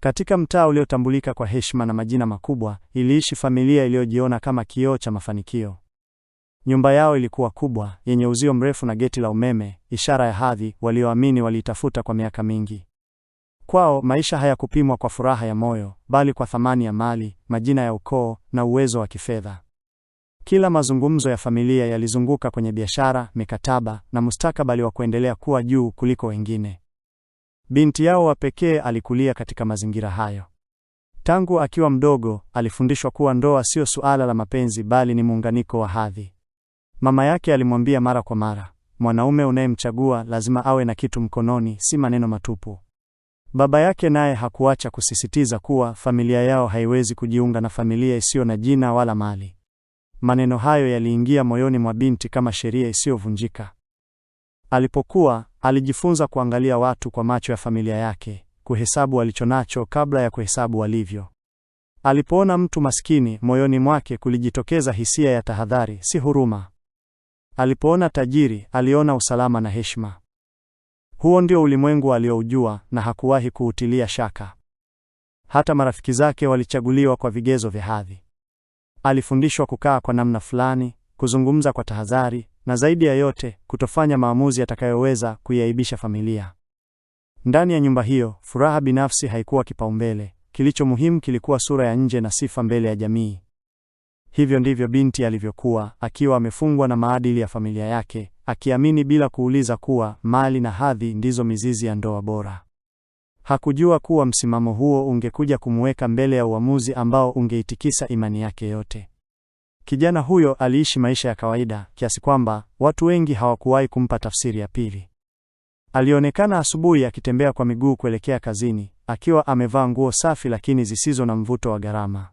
Katika mtaa uliotambulika kwa heshima na majina makubwa, iliishi familia iliyojiona kama kioo cha mafanikio. Nyumba yao ilikuwa kubwa, yenye uzio mrefu na geti la umeme, ishara ya hadhi walioamini waliitafuta kwa miaka mingi. Kwao maisha hayakupimwa kwa furaha ya moyo, bali kwa thamani ya mali, majina ya ukoo na uwezo wa kifedha. Kila mazungumzo ya familia yalizunguka kwenye biashara, mikataba na mustakabali wa kuendelea kuwa juu kuliko wengine. Binti yao wa pekee alikulia katika mazingira hayo. Tangu akiwa mdogo, alifundishwa kuwa ndoa sio suala la mapenzi bali ni muunganiko wa hadhi. Mama yake alimwambia mara kwa mara, mwanaume unayemchagua lazima awe na kitu mkononi, si maneno matupu. Baba yake naye hakuacha kusisitiza kuwa familia yao haiwezi kujiunga na familia isiyo na jina wala mali. Maneno hayo yaliingia moyoni mwa binti kama sheria isiyovunjika. Alipokuwa alijifunza kuangalia watu kwa macho ya familia yake, kuhesabu walichonacho kabla ya kuhesabu walivyo. Alipoona mtu maskini, moyoni mwake kulijitokeza hisia ya tahadhari, si huruma. Alipoona tajiri, aliona usalama na heshima. Huo ndio ulimwengu alioujua na hakuwahi kuutilia shaka. Hata marafiki zake walichaguliwa kwa vigezo vya hadhi. Alifundishwa kukaa kwa namna fulani, kuzungumza kwa tahadhari, na zaidi ya yote kutofanya maamuzi yatakayoweza kuiaibisha familia. Ndani ya nyumba hiyo, furaha binafsi haikuwa kipaumbele. Kilicho muhimu kilikuwa sura ya nje na sifa mbele ya jamii. Hivyo ndivyo binti alivyokuwa, akiwa amefungwa na maadili ya familia yake, akiamini bila kuuliza kuwa mali na hadhi ndizo mizizi ya ndoa bora. Hakujua kuwa msimamo huo ungekuja kumweka mbele ya uamuzi ambao ungeitikisa imani yake yote. Kijana huyo aliishi maisha ya kawaida kiasi kwamba watu wengi hawakuwahi kumpa tafsiri ya pili. Alionekana asubuhi akitembea kwa miguu kuelekea kazini, akiwa amevaa nguo safi lakini zisizo na mvuto wa gharama.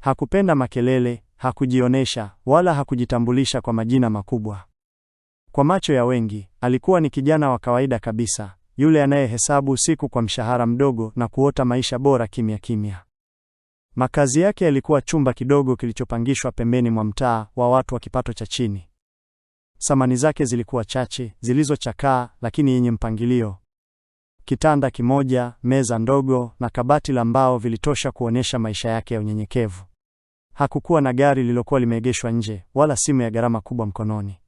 Hakupenda makelele, hakujionesha wala hakujitambulisha kwa majina makubwa. Kwa macho ya wengi, alikuwa ni kijana wa kawaida kabisa, yule anayehesabu siku kwa mshahara mdogo na kuota maisha bora kimya kimya. Makazi yake yalikuwa chumba kidogo kilichopangishwa pembeni mwa mtaa wa watu wa kipato cha chini. Samani zake zilikuwa chache, zilizochakaa lakini yenye mpangilio. Kitanda kimoja, meza ndogo na kabati la mbao vilitosha kuonyesha maisha yake ya unyenyekevu. Hakukuwa na gari lililokuwa limeegeshwa nje, wala simu ya gharama kubwa mkononi.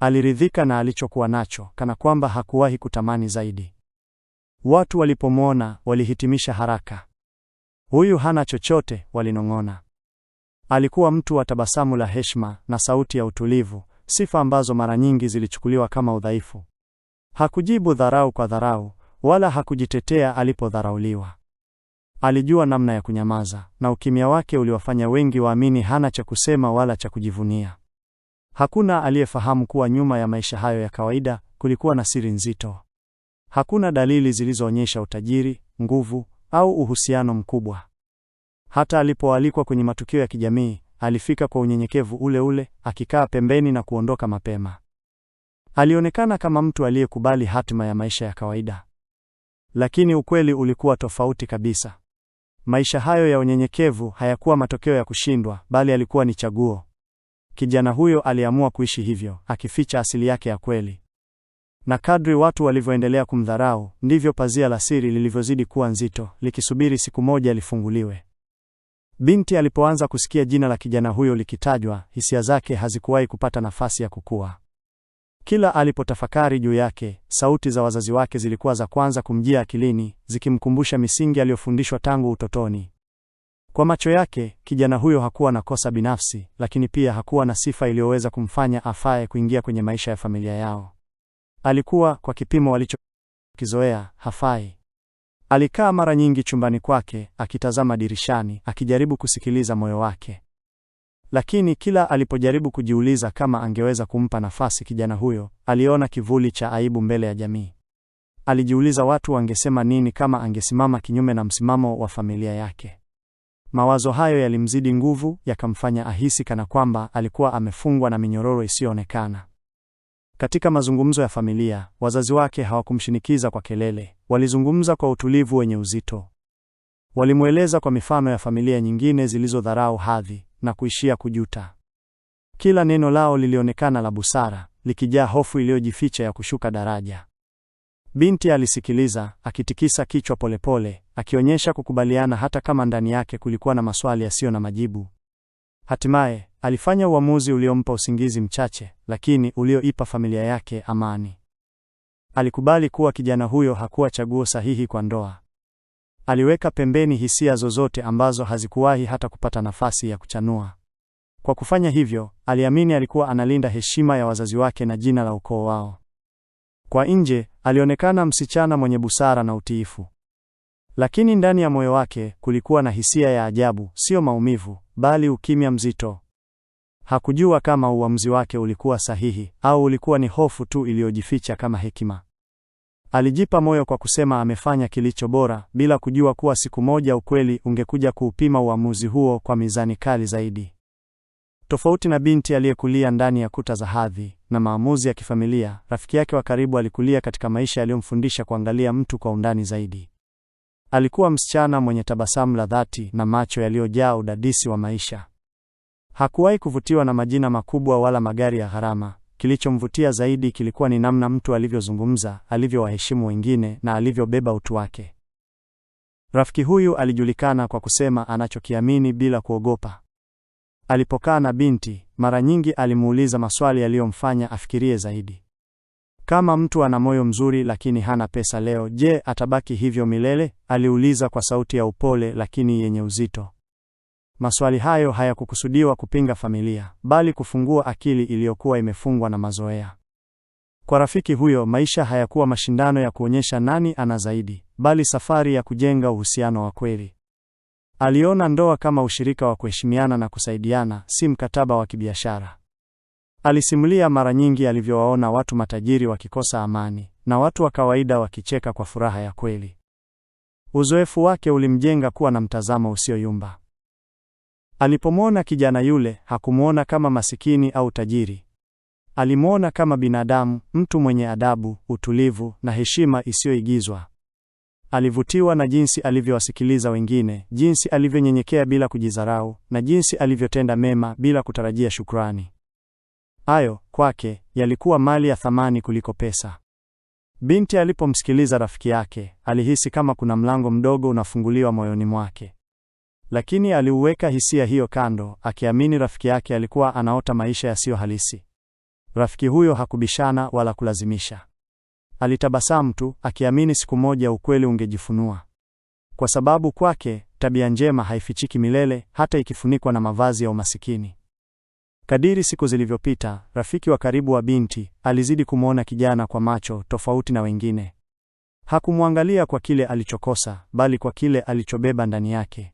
Aliridhika na alichokuwa nacho, kana kwamba hakuwahi kutamani zaidi. Watu walipomwona walihitimisha haraka. Huyu hana chochote, walinong'ona. Alikuwa mtu wa tabasamu la heshima na sauti ya utulivu, sifa ambazo mara nyingi zilichukuliwa kama udhaifu. Hakujibu dharau kwa dharau, wala hakujitetea alipodharauliwa. Alijua namna ya kunyamaza, na ukimya wake uliwafanya wengi waamini hana cha kusema wala cha kujivunia. Hakuna aliyefahamu kuwa nyuma ya maisha hayo ya kawaida kulikuwa na siri nzito. Hakuna dalili zilizoonyesha utajiri, nguvu au uhusiano mkubwa. Hata alipoalikwa kwenye matukio ya kijamii, alifika kwa unyenyekevu ule ule, akikaa pembeni na kuondoka mapema. Alionekana kama mtu aliyekubali hatima ya maisha ya kawaida. Lakini ukweli ulikuwa tofauti kabisa. Maisha hayo ya unyenyekevu hayakuwa matokeo ya kushindwa, bali alikuwa ni chaguo. Kijana huyo aliamua kuishi hivyo, akificha asili yake ya kweli na kadri watu walivyoendelea kumdharau ndivyo pazia la siri lilivyozidi kuwa nzito, likisubiri siku moja lifunguliwe. Binti alipoanza kusikia jina la kijana huyo likitajwa, hisia zake hazikuwahi kupata nafasi ya kukua. Kila alipotafakari juu yake, sauti za wazazi wake zilikuwa za kwanza kumjia akilini, zikimkumbusha misingi aliyofundishwa tangu utotoni. Kwa macho yake, kijana huyo hakuwa na kosa binafsi, lakini pia hakuwa na sifa iliyoweza kumfanya afae kuingia kwenye maisha ya familia yao. Alikuwa kwa kipimo walichokizoea hafai. Alikaa mara nyingi chumbani kwake akitazama dirishani, akijaribu kusikiliza moyo wake. Lakini kila alipojaribu kujiuliza kama angeweza kumpa nafasi kijana huyo, aliona kivuli cha aibu mbele ya jamii. Alijiuliza watu wangesema nini kama angesimama kinyume na msimamo wa familia yake. Mawazo hayo yalimzidi nguvu, yakamfanya ahisi kana kwamba alikuwa amefungwa na minyororo isiyoonekana. Katika mazungumzo ya familia, wazazi wake hawakumshinikiza kwa kelele, walizungumza kwa utulivu wenye uzito. Walimweleza kwa mifano ya familia nyingine zilizodharau hadhi na kuishia kujuta. Kila neno lao lilionekana la busara, likijaa hofu iliyojificha ya kushuka daraja. Binti alisikiliza, akitikisa kichwa polepole, akionyesha kukubaliana hata kama ndani yake kulikuwa na maswali yasiyo na majibu. Hatimaye, Alifanya uamuzi uliompa usingizi mchache, lakini ulioipa familia yake amani. Alikubali kuwa kijana huyo hakuwa chaguo sahihi kwa ndoa. Aliweka pembeni hisia zozote ambazo hazikuwahi hata kupata nafasi ya kuchanua. Kwa kufanya hivyo, aliamini alikuwa analinda heshima ya wazazi wake na jina la ukoo wao. Kwa nje, alionekana msichana mwenye busara na utiifu. Lakini ndani ya moyo wake kulikuwa na hisia ya ajabu, sio maumivu, bali ukimya mzito, Hakujua kama uamuzi wake ulikuwa sahihi au ulikuwa ni hofu tu iliyojificha kama hekima. Alijipa moyo kwa kusema amefanya kilicho bora, bila kujua kuwa siku moja ukweli ungekuja kuupima uamuzi huo kwa mizani kali zaidi. Tofauti na binti aliyekulia ndani ya kuta za hadhi na maamuzi ya kifamilia, rafiki yake wa karibu alikulia katika maisha yaliyomfundisha kuangalia mtu kwa undani zaidi. Alikuwa msichana mwenye tabasamu la dhati na macho yaliyojaa udadisi wa maisha. Hakuwahi kuvutiwa na majina makubwa wala magari ya gharama. Kilichomvutia zaidi kilikuwa ni namna mtu alivyozungumza, alivyowaheshimu wengine na alivyobeba utu wake. Rafiki huyu alijulikana kwa kusema anachokiamini bila kuogopa. Alipokaa na binti, mara nyingi alimuuliza maswali yaliyomfanya afikirie zaidi. Kama mtu ana moyo mzuri lakini hana pesa leo, je, atabaki hivyo milele? Aliuliza kwa sauti ya upole lakini yenye uzito. Maswali hayo hayakukusudiwa kupinga familia, bali kufungua akili iliyokuwa imefungwa na mazoea. Kwa rafiki huyo, maisha hayakuwa mashindano ya kuonyesha nani ana zaidi, bali safari ya kujenga uhusiano wa kweli. Aliona ndoa kama ushirika wa kuheshimiana na kusaidiana, si mkataba wa kibiashara. Alisimulia mara nyingi alivyowaona watu matajiri wakikosa amani na watu wa kawaida wakicheka kwa furaha ya kweli. Uzoefu wake ulimjenga kuwa na mtazamo usioyumba. Alipomwona kijana yule, hakumwona kama masikini au tajiri. Alimwona kama binadamu, mtu mwenye adabu, utulivu na heshima isiyoigizwa. Alivutiwa na jinsi alivyowasikiliza wengine, jinsi alivyonyenyekea bila kujidharau, na jinsi alivyotenda mema bila kutarajia shukrani. Hayo kwake yalikuwa mali ya thamani kuliko pesa. Binti alipomsikiliza rafiki yake, alihisi kama kuna mlango mdogo unafunguliwa moyoni mwake. Lakini aliuweka hisia hiyo kando, akiamini rafiki yake alikuwa anaota maisha yasiyo halisi. Rafiki huyo hakubishana wala kulazimisha. Alitabasamu tu, akiamini siku moja ukweli ungejifunua, kwa sababu kwake tabia njema haifichiki milele, hata ikifunikwa na mavazi ya umasikini. Kadiri siku zilivyopita, rafiki wa karibu wa binti alizidi kumwona kijana kwa macho tofauti na wengine. Hakumwangalia kwa kile alichokosa, bali kwa kile alichobeba ndani yake.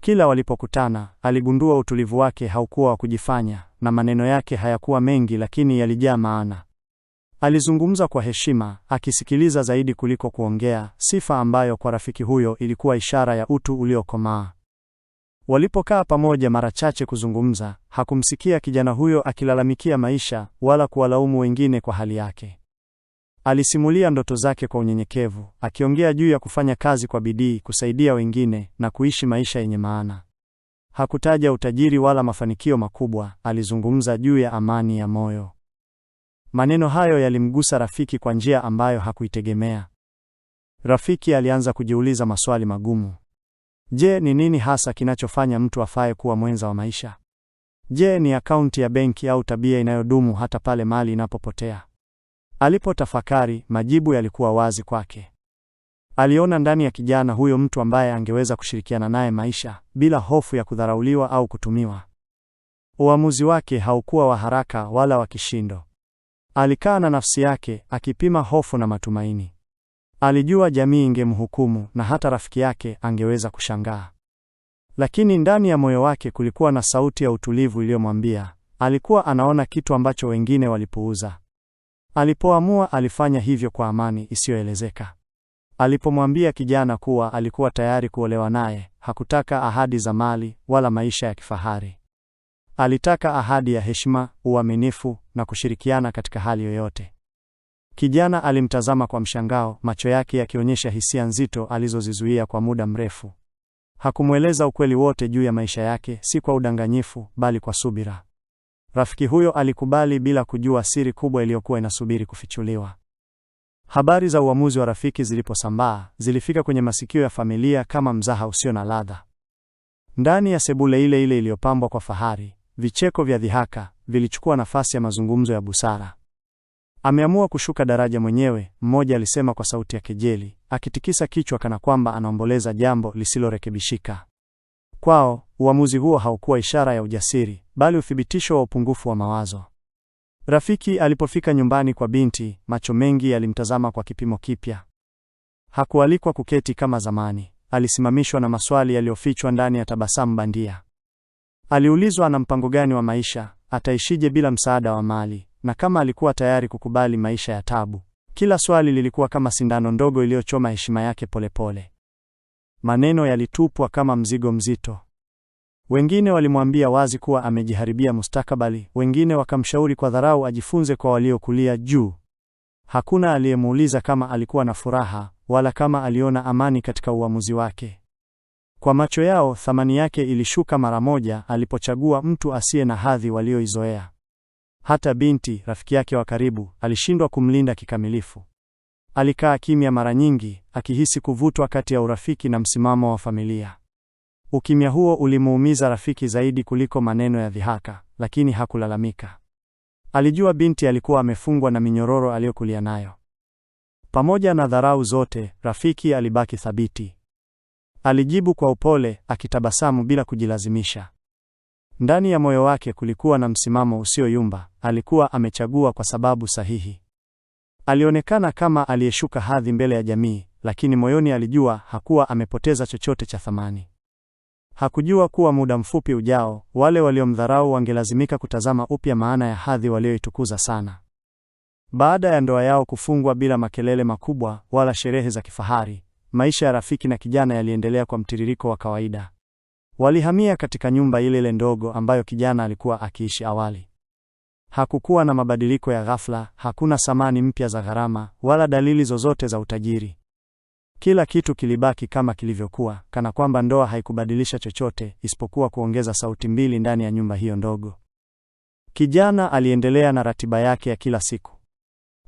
Kila walipokutana, aligundua utulivu wake haukuwa wa kujifanya, na maneno yake hayakuwa mengi, lakini yalijaa maana. Alizungumza kwa heshima, akisikiliza zaidi kuliko kuongea, sifa ambayo kwa rafiki huyo ilikuwa ishara ya utu uliokomaa. Walipokaa pamoja mara chache kuzungumza, hakumsikia kijana huyo akilalamikia maisha wala kuwalaumu wengine kwa hali yake. Alisimulia ndoto zake kwa unyenyekevu, akiongea juu ya kufanya kazi kwa bidii, kusaidia wengine na kuishi maisha yenye maana. Hakutaja utajiri wala mafanikio makubwa, alizungumza juu ya amani ya moyo. Maneno hayo yalimgusa rafiki kwa njia ambayo hakuitegemea. Rafiki alianza kujiuliza maswali magumu. Je, ni nini hasa kinachofanya mtu afae kuwa mwenza wa maisha? Je, ni akaunti ya benki au tabia inayodumu hata pale mali inapopotea? Alipotafakari, majibu yalikuwa wazi kwake. Aliona ndani ya kijana huyo mtu ambaye angeweza kushirikiana naye maisha bila hofu ya kudharauliwa au kutumiwa. Uamuzi wake haukuwa wa haraka wala wa kishindo. Alikaa na nafsi yake akipima hofu na matumaini. Alijua jamii ingemhukumu na hata rafiki yake angeweza kushangaa, lakini ndani ya moyo wake kulikuwa na sauti ya utulivu iliyomwambia alikuwa anaona kitu ambacho wengine walipuuza. Alipoamua alifanya hivyo kwa amani isiyoelezeka. Alipomwambia kijana kuwa alikuwa tayari kuolewa naye, hakutaka ahadi za mali wala maisha ya kifahari. Alitaka ahadi ya heshima, uaminifu na kushirikiana katika hali yoyote. Kijana alimtazama kwa mshangao, macho yake yakionyesha hisia nzito alizozizuia kwa muda mrefu. Hakumweleza ukweli wote juu ya maisha yake, si kwa udanganyifu, bali kwa subira. Rafiki huyo alikubali bila kujua siri kubwa iliyokuwa inasubiri kufichuliwa. Habari za uamuzi wa rafiki ziliposambaa, zilifika kwenye masikio ya familia kama mzaha usio na ladha. Ndani ya sebule ile ile iliyopambwa kwa fahari, vicheko vya dhihaka vilichukua nafasi ya mazungumzo ya busara. Ameamua kushuka daraja mwenyewe, mmoja alisema kwa sauti ya kejeli, akitikisa kichwa kana kwamba anaomboleza jambo lisilorekebishika. Kwao uamuzi huo haukuwa ishara ya ujasiri, bali uthibitisho wa upungufu wa mawazo. Rafiki alipofika nyumbani kwa binti, macho mengi yalimtazama kwa kipimo kipya. Hakualikwa kuketi kama zamani, alisimamishwa na maswali yaliyofichwa ndani ya tabasamu bandia. Aliulizwa ana mpango gani wa maisha, ataishije bila msaada wa mali, na kama alikuwa tayari kukubali maisha ya tabu. Kila swali lilikuwa kama sindano ndogo iliyochoma heshima yake polepole. Maneno yalitupwa kama mzigo mzito. Wengine walimwambia wazi kuwa amejiharibia mustakabali, wengine wakamshauri kwa dharau ajifunze kwa waliokulia juu. Hakuna aliyemuuliza kama alikuwa na furaha wala kama aliona amani katika uamuzi wake. Kwa macho yao, thamani yake ilishuka mara moja alipochagua mtu asiye na hadhi walioizoea. Hata binti, rafiki yake wa karibu, alishindwa kumlinda kikamilifu. Alikaa kimya mara nyingi, akihisi kuvutwa kati ya urafiki na msimamo wa familia. Ukimya huo ulimuumiza rafiki zaidi kuliko maneno ya dhihaka, lakini hakulalamika. Alijua binti alikuwa amefungwa na minyororo aliyokulia nayo. Pamoja na dharau zote, rafiki alibaki thabiti. Alijibu kwa upole, akitabasamu bila kujilazimisha. Ndani ya moyo wake kulikuwa na msimamo usioyumba, alikuwa amechagua kwa sababu sahihi. Alionekana kama aliyeshuka hadhi mbele ya jamii, lakini moyoni alijua hakuwa amepoteza chochote cha thamani. Hakujua kuwa muda mfupi ujao, wale waliomdharau wangelazimika kutazama upya maana ya hadhi walioitukuza sana. Baada ya ndoa yao kufungwa bila makelele makubwa wala sherehe za kifahari, maisha ya rafiki na kijana yaliendelea kwa mtiririko wa kawaida. Walihamia katika nyumba ile ile ndogo ambayo kijana alikuwa akiishi awali. Hakukuwa na mabadiliko ya ghafla, hakuna samani mpya za gharama wala dalili zozote za utajiri. Kila kitu kilibaki kama kilivyokuwa, kana kwamba ndoa haikubadilisha chochote isipokuwa kuongeza sauti mbili ndani ya nyumba hiyo ndogo. Kijana aliendelea na ratiba yake ya kila siku.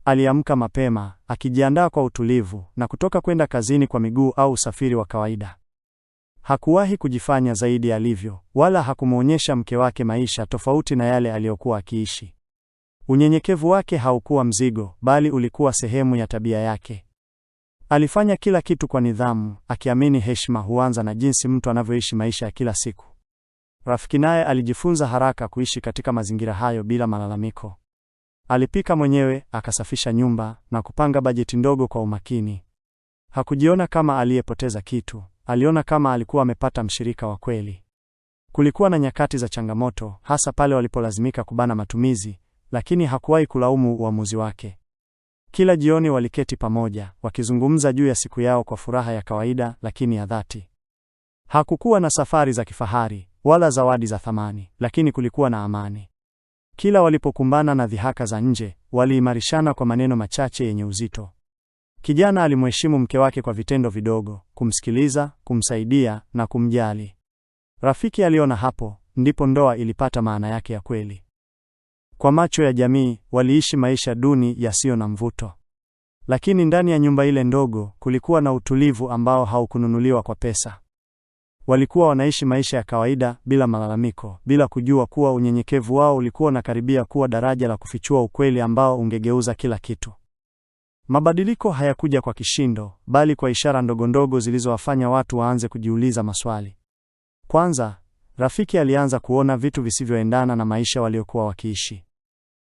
Aliamka mapema, akijiandaa kwa utulivu na kutoka kwenda kazini kwa miguu au usafiri wa kawaida. Hakuwahi kujifanya zaidi alivyo, wala hakumwonyesha mke wake maisha tofauti na yale aliyokuwa akiishi. Unyenyekevu wake haukuwa mzigo, bali ulikuwa sehemu ya tabia yake. Alifanya kila kitu kwa nidhamu, akiamini heshima huanza na jinsi mtu anavyoishi maisha ya kila siku. Rafiki naye alijifunza haraka kuishi katika mazingira hayo bila malalamiko. Alipika mwenyewe, akasafisha nyumba na kupanga bajeti ndogo kwa umakini. Hakujiona kama aliyepoteza kitu aliona kama alikuwa amepata mshirika wa kweli. Kulikuwa na nyakati za changamoto, hasa pale walipolazimika kubana matumizi, lakini hakuwahi kulaumu uamuzi wake. Kila jioni waliketi pamoja, wakizungumza juu ya siku yao kwa furaha ya kawaida lakini ya dhati. Hakukuwa na safari za kifahari wala zawadi za thamani, lakini kulikuwa na amani. Kila walipokumbana na dhihaka za nje, waliimarishana kwa maneno machache yenye uzito. Kijana alimheshimu mke wake kwa vitendo vidogo, kumsikiliza, kumsaidia na kumjali. Rafiki aliona hapo ndipo ndoa ilipata maana yake ya kweli. Kwa macho ya jamii, waliishi maisha duni yasiyo na mvuto, lakini ndani ya nyumba ile ndogo kulikuwa na utulivu ambao haukununuliwa kwa pesa. Walikuwa wanaishi maisha ya kawaida bila malalamiko, bila kujua kuwa unyenyekevu wao ulikuwa unakaribia kuwa daraja la kufichua ukweli ambao ungegeuza kila kitu. Mabadiliko hayakuja kwa kishindo, bali kwa ishara ndogondogo zilizowafanya watu waanze kujiuliza maswali. Kwanza, Rafiki alianza kuona vitu visivyoendana na maisha waliokuwa wakiishi.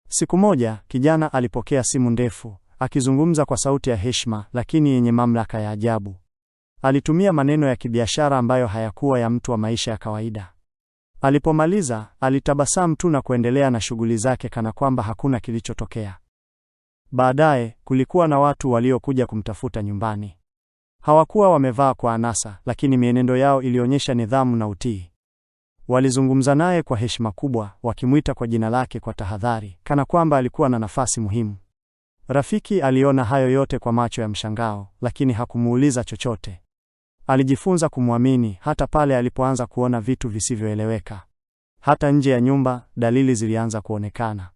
Siku moja, kijana alipokea simu ndefu, akizungumza kwa sauti ya heshima lakini yenye mamlaka ya ajabu. Alitumia maneno ya kibiashara ambayo hayakuwa ya mtu wa maisha ya kawaida. Alipomaliza, alitabasamu tu na kuendelea na shughuli zake kana kwamba hakuna kilichotokea. Baadaye kulikuwa na watu waliokuja kumtafuta nyumbani. Hawakuwa wamevaa kwa anasa, lakini mienendo yao ilionyesha nidhamu na utii. Walizungumza naye kwa heshima kubwa, wakimwita kwa jina lake kwa tahadhari, kana kwamba alikuwa na nafasi muhimu. Rafiki aliona hayo yote kwa macho ya mshangao, lakini hakumuuliza chochote. Alijifunza kumwamini hata pale alipoanza kuona vitu visivyoeleweka. Hata nje ya nyumba dalili zilianza kuonekana.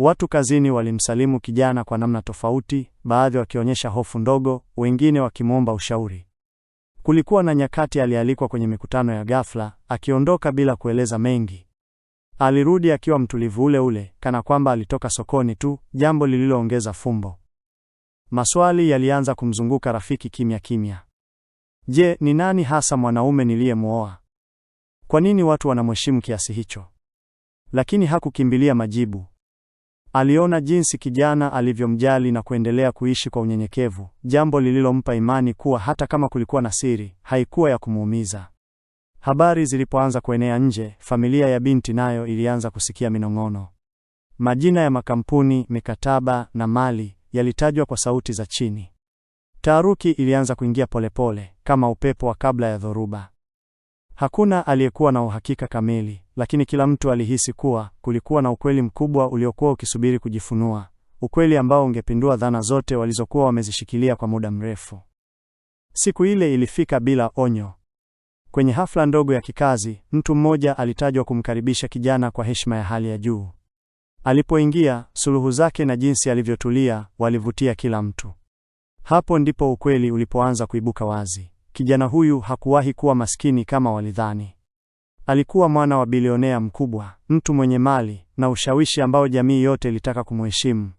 Watu kazini walimsalimu kijana kwa namna tofauti, baadhi wakionyesha hofu ndogo, wengine wakimwomba ushauri. Kulikuwa na nyakati alialikwa kwenye mikutano ya ghafla, akiondoka bila kueleza mengi. Alirudi akiwa mtulivu ule ule, kana kwamba alitoka sokoni tu, jambo lililoongeza fumbo. Maswali yalianza kumzunguka rafiki kimya kimya. Je, ni nani hasa mwanaume niliyemwoa? Kwa nini watu wanamheshimu kiasi hicho? Lakini hakukimbilia majibu. Aliona jinsi kijana alivyomjali na kuendelea kuishi kwa unyenyekevu, jambo lililompa imani kuwa hata kama kulikuwa na siri, haikuwa ya kumuumiza. Habari zilipoanza kuenea nje, familia ya binti nayo ilianza kusikia minong'ono. Majina ya makampuni, mikataba na mali yalitajwa kwa sauti za chini. Taharuki ilianza kuingia polepole, kama upepo wa kabla ya dhoruba. Hakuna aliyekuwa na uhakika kamili, lakini kila mtu alihisi kuwa kulikuwa na ukweli mkubwa uliokuwa ukisubiri kujifunua, ukweli ambao ungepindua dhana zote walizokuwa wamezishikilia kwa muda mrefu. Siku ile ilifika bila onyo. Kwenye hafla ndogo ya kikazi, mtu mmoja alitajwa kumkaribisha kijana kwa heshima ya hali ya juu. Alipoingia, suluhu zake na jinsi alivyotulia walivutia kila mtu. Hapo ndipo ukweli ulipoanza kuibuka wazi kijana huyu hakuwahi kuwa maskini kama walidhani. Alikuwa mwana wa bilionea mkubwa, mtu mwenye mali na ushawishi ambao jamii yote ilitaka kumheshimu.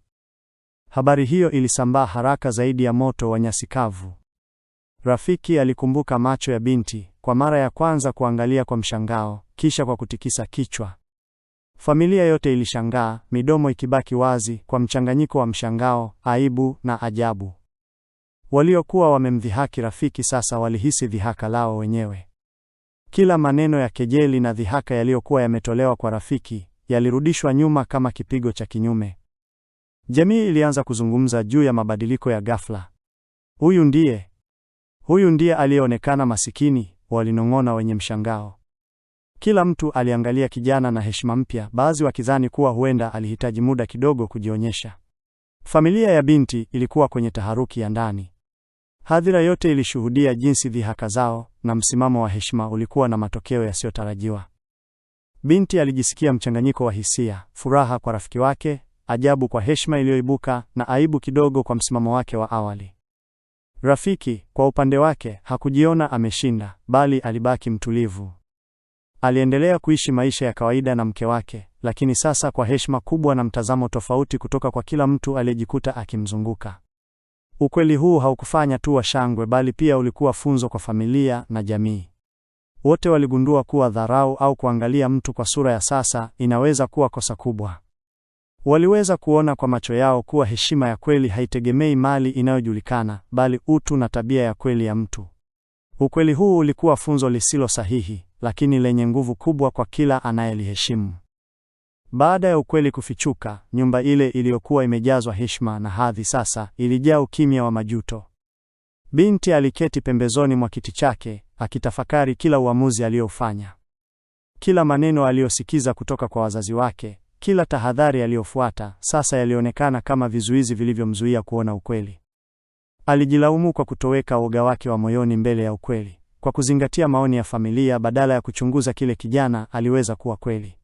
Habari hiyo ilisambaa haraka zaidi ya moto wa nyasi kavu. Rafiki alikumbuka macho ya binti, kwa mara ya kwanza kuangalia kwa mshangao, kisha kwa kutikisa kichwa. Familia yote ilishangaa, midomo ikibaki wazi kwa mchanganyiko wa mshangao, aibu na ajabu. Waliokuwa wamemdhihaki rafiki sasa walihisi dhihaka lao wenyewe. Kila maneno ya kejeli na dhihaka yaliyokuwa yametolewa kwa rafiki yalirudishwa nyuma kama kipigo cha kinyume. Jamii ilianza kuzungumza juu ya mabadiliko ya ghafla. Huyu ndiye, huyu ndiye aliyeonekana masikini, walinong'ona wenye mshangao. Kila mtu aliangalia kijana na heshima mpya, baadhi wakidhani kuwa huenda alihitaji muda kidogo kujionyesha. Familia ya binti ilikuwa kwenye taharuki ya ndani. Hadhira yote ilishuhudia jinsi dhihaka zao na msimamo wa heshima ulikuwa na matokeo yasiyotarajiwa. Binti alijisikia mchanganyiko wa hisia, furaha kwa rafiki wake, ajabu kwa heshima iliyoibuka na aibu kidogo kwa msimamo wake wa awali. Rafiki kwa upande wake hakujiona ameshinda, bali alibaki mtulivu. Aliendelea kuishi maisha ya kawaida na mke wake, lakini sasa kwa heshima kubwa na mtazamo tofauti kutoka kwa kila mtu aliyejikuta akimzunguka. Ukweli huu haukufanya tu washangwe, bali pia ulikuwa funzo kwa familia na jamii. Wote waligundua kuwa dharau au kuangalia mtu kwa sura ya sasa inaweza kuwa kosa kubwa. Waliweza kuona kwa macho yao kuwa heshima ya kweli haitegemei mali inayojulikana, bali utu na tabia ya kweli ya mtu. Ukweli huu ulikuwa funzo lisilo sahihi, lakini lenye nguvu kubwa kwa kila anayeliheshimu. Baada ya ukweli kufichuka, nyumba ile iliyokuwa imejazwa heshima na hadhi sasa ilijaa ukimya wa majuto. Binti aliketi pembezoni mwa kiti chake akitafakari kila uamuzi aliyofanya, kila maneno aliyosikiza kutoka kwa wazazi wake, kila tahadhari aliyofuata sasa yalionekana kama vizuizi vilivyomzuia kuona ukweli. Alijilaumu kwa kutoweka woga wake wa moyoni mbele ya ukweli, kwa kuzingatia maoni ya familia badala ya kuchunguza kile kijana aliweza kuwa kweli.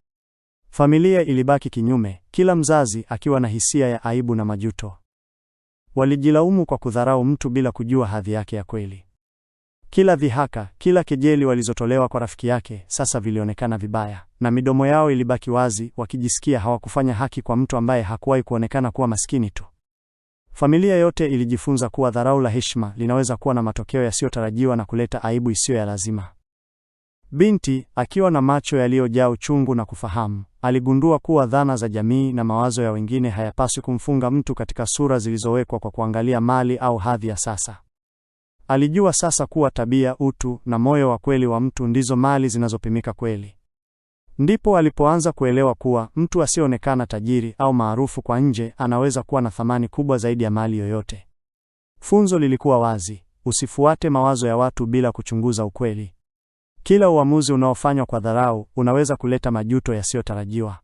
Familia ilibaki kinyume, kila mzazi akiwa na hisia ya aibu na majuto. Walijilaumu kwa kudharau mtu bila kujua hadhi yake ya kweli. Kila dhihaka, kila kejeli walizotolewa kwa rafiki yake sasa vilionekana vibaya, na midomo yao ilibaki wazi, wakijisikia hawakufanya haki kwa mtu ambaye hakuwahi kuonekana kuwa maskini tu. Familia yote ilijifunza kuwa dharau la heshima linaweza kuwa na matokeo yasiyotarajiwa na kuleta aibu isiyo ya lazima. Binti, akiwa na macho yaliyojaa uchungu na kufahamu, Aligundua kuwa dhana za jamii na mawazo ya wengine hayapaswi kumfunga mtu katika sura zilizowekwa kwa kuangalia mali au hadhi ya sasa. Alijua sasa kuwa tabia, utu na moyo wa kweli wa mtu ndizo mali zinazopimika kweli. Ndipo alipoanza kuelewa kuwa mtu asiyeonekana tajiri au maarufu kwa nje anaweza kuwa na thamani kubwa zaidi ya mali yoyote. Funzo lilikuwa wazi: usifuate mawazo ya watu bila kuchunguza ukweli. Kila uamuzi unaofanywa kwa dharau unaweza kuleta majuto yasiyotarajiwa.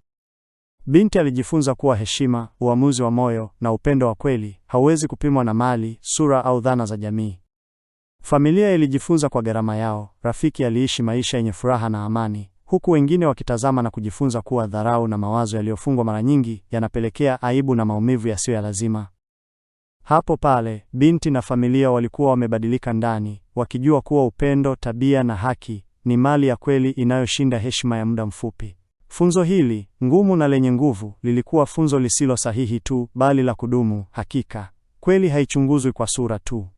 Binti alijifunza kuwa heshima, uamuzi wa moyo na upendo wa kweli hauwezi kupimwa na mali, sura au dhana za jamii. Familia ilijifunza kwa gharama yao. Rafiki aliishi maisha yenye furaha na amani, huku wengine wakitazama na kujifunza kuwa dharau na mawazo yaliyofungwa mara nyingi yanapelekea aibu na maumivu yasiyo ya lazima. Hapo pale, binti na familia walikuwa wamebadilika ndani, wakijua kuwa upendo, tabia na haki ni mali ya kweli inayoshinda heshima ya muda mfupi. Funzo hili ngumu na lenye nguvu lilikuwa funzo lisilo sahihi tu, bali la kudumu. Hakika kweli haichunguzwi kwa sura tu.